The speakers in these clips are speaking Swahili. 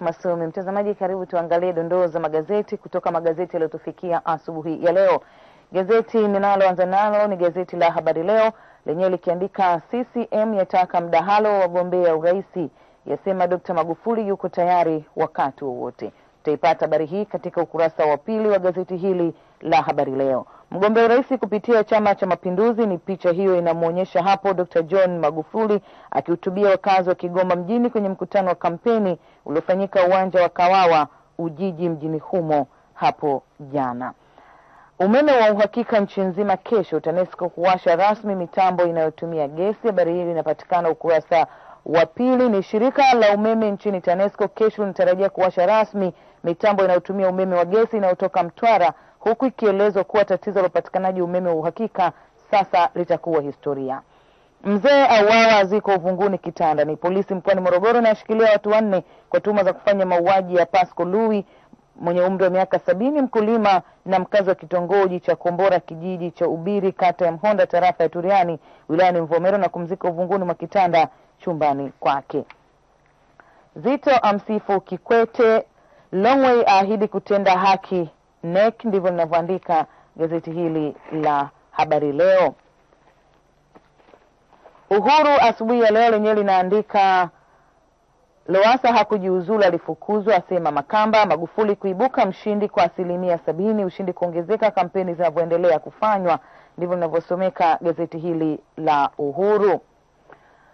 Masumi, mtazamaji, karibu tuangalie dondoo za magazeti kutoka magazeti yaliyotufikia asubuhi ya leo. Gazeti ninaloanza nalo ni gazeti la Habari Leo lenyewe likiandika CCM yataka mdahalo wa wagombea urais, yasema Dr. Magufuli yuko tayari wakati wowote. Utaipata habari hii katika ukurasa wa pili wa gazeti hili la Habari Leo. Mgombea urais kupitia Chama cha Mapinduzi, ni picha hiyo inamwonyesha hapo Dr. John Magufuli akihutubia wakazi wa Kigoma mjini kwenye mkutano wa kampeni uliofanyika uwanja wa Kawawa Ujiji mjini humo hapo jana. Umeme wa uhakika nchi nzima kesho, TANESCO kuwasha rasmi mitambo inayotumia gesi. Habari hii inapatikana ukurasa wa pili ni shirika la umeme nchini TANESCO kesho linatarajia kuwasha rasmi mitambo inayotumia umeme wa gesi inayotoka Mtwara, huku ikielezwa kuwa tatizo la upatikanaji umeme wa uhakika sasa litakuwa historia. Mzee auawa ziko uvunguni kitanda. Ni polisi mkoani Morogoro inayoshikilia watu wanne kwa tuhuma za kufanya mauaji ya Pasco Lui mwenye umri wa miaka sabini, mkulima na mkazi wa kitongoji cha Kombora kijiji cha Ubiri kata ya Mhonda tarafa ya Turiani wilayani Mvomero na kumzika uvunguni mwa kitanda chumbani kwake. Zito amsifu Kikwete, Longway aahidi kutenda haki NEC, ndivyo linavyoandika gazeti hili la Habari Leo. Uhuru asubuhi ya leo lenyewe linaandika lowasa hakujiuzulu, alifukuzwa, asema Makamba. Magufuli kuibuka mshindi kwa asilimia sabini, ushindi kuongezeka kampeni zinavyoendelea kufanywa. Ndivyo linavyosomeka gazeti hili la Uhuru.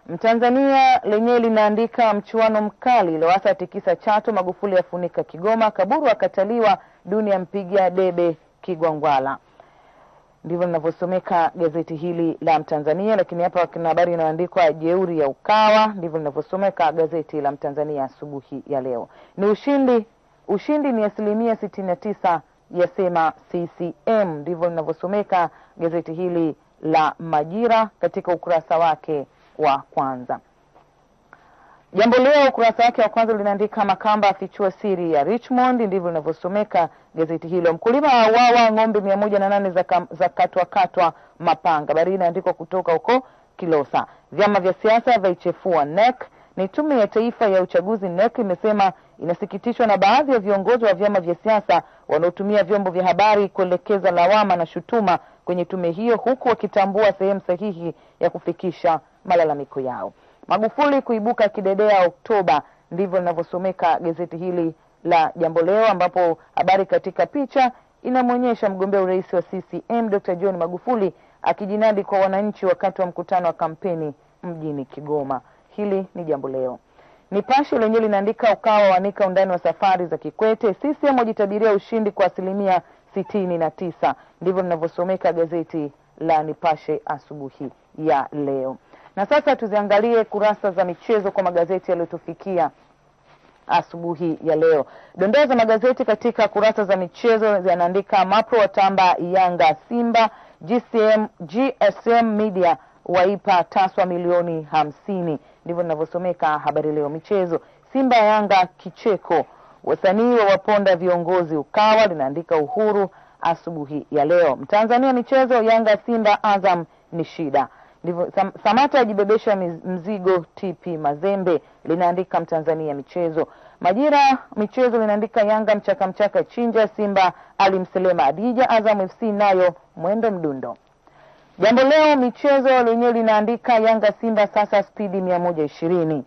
Mtanzania lenyewe linaandika mchuano mkali, Lowasa atikisa Chato, Magufuli afunika Kigoma, Kaburu akataliwa, Dunia mpiga debe Kigwangwala ndivyo linavyosomeka gazeti hili la Mtanzania, lakini hapa kuna habari inayoandikwa jeuri ya Ukawa. Ndivyo linavyosomeka gazeti la Mtanzania asubuhi ya leo. Ni ushindi, ushindi ni asilimia sitini na tisa yasema CCM, ndivyo linavyosomeka gazeti hili la Majira katika ukurasa wake wa kwanza. Jambo Leo ukurasa wake wa kwanza linaandika Makamba afichua siri ya Richmond, ndivyo linavyosomeka gazeti hilo. Mkulima wawa ng'ombe mia moja na nane za, za katwa katwa mapanga. Habari inaandikwa kutoka huko Kilosa. Vyama vya siasa vaichefua NEC. Ni tume ya taifa ya uchaguzi NEC imesema inasikitishwa na baadhi ya viongozi wa vyama vya siasa wanaotumia vyombo vya habari kuelekeza lawama na shutuma kwenye tume hiyo, huku wakitambua sehemu sahihi ya kufikisha malalamiko yao. Magufuli kuibuka kidedea Oktoba, ndivyo linavyosomeka gazeti hili la Jambo Leo, ambapo habari katika picha inamwonyesha mgombea urais wa CCM Dr. John Magufuli akijinadi kwa wananchi wakati wa mkutano wa kampeni mjini Kigoma. Hili ni Jambo Leo. Nipashe lenyewe linaandika Ukawa wanika undani wa safari za Kikwete, CCM wajitabiria ushindi kwa asilimia sitini na tisa. Ndivyo linavyosomeka gazeti la Nipashe asubuhi ya leo. Na sasa tuziangalie kurasa za michezo kwa magazeti yaliyotufikia asubuhi ya leo. Dondoo za magazeti katika kurasa za michezo zinaandika Mapro watamba Yanga Simba, GCM, GSM Media waipa Taswa milioni hamsini. Ndivyo ninavyosomeka habari leo michezo. Simba Yanga kicheko, wasanii wa waponda viongozi Ukawa, linaandika Uhuru asubuhi ya leo. Mtanzania michezo, Yanga Simba Azam ni shida. Ndivyo sam, Samata ajibebesha mzigo TP Mazembe, linaandika Mtanzania michezo. Majira michezo linaandika Yanga mchaka mchaka chinja, Simba alimselema Adija, Azam FC nayo mwendo mdundo. Jambo Leo michezo lenyewe linaandika Yanga Simba sasa spidi mia moja ishirini,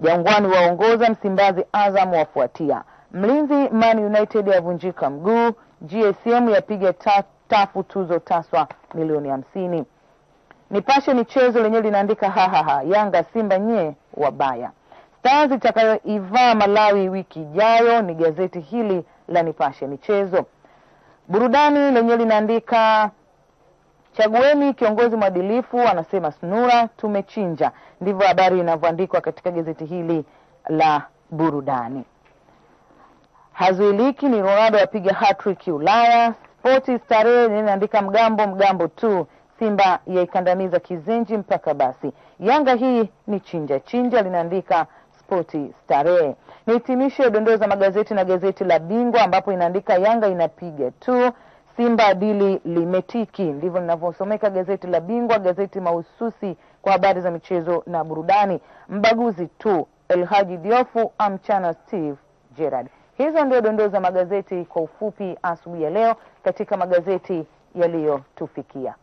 Jangwani waongoza Msimbazi, Azam wafuatia, Mlinzi Man United yavunjika mguu, GSM yapiga tafu tuzo taswa milioni hamsini. Nipashe michezo lenyewe linaandika hahaha, Yanga Simba nye wabaya. Stars itakayoivaa Malawi wiki ijayo ni gazeti hili la Nipashe michezo. Burudani lenyewe linaandika chagueni kiongozi mwadilifu, anasema Snura, tumechinja. Ndivyo habari inavyoandikwa katika gazeti hili la Burudani. Hazuiliki ni Ronaldo apiga hattrick Ulaya. Sporti starehe linaandika mgambo mgambo tu Simba yaikandamiza Kizenji mpaka basi. Yanga hii ni chinja chinja, linaandika Sporti Starehe. Nihitimishe dondoo za magazeti na gazeti la Bingwa ambapo inaandika Yanga inapiga tu Simba dili limetiki, ndivyo linavyosomeka gazeti la Bingwa, gazeti mahususi kwa habari za michezo na burudani. Mbaguzi tu Elhaji Diofu amchana Steve Gerard. Hizo ndio dondoo za magazeti kwa ufupi asubuhi ya leo katika magazeti yaliyotufikia.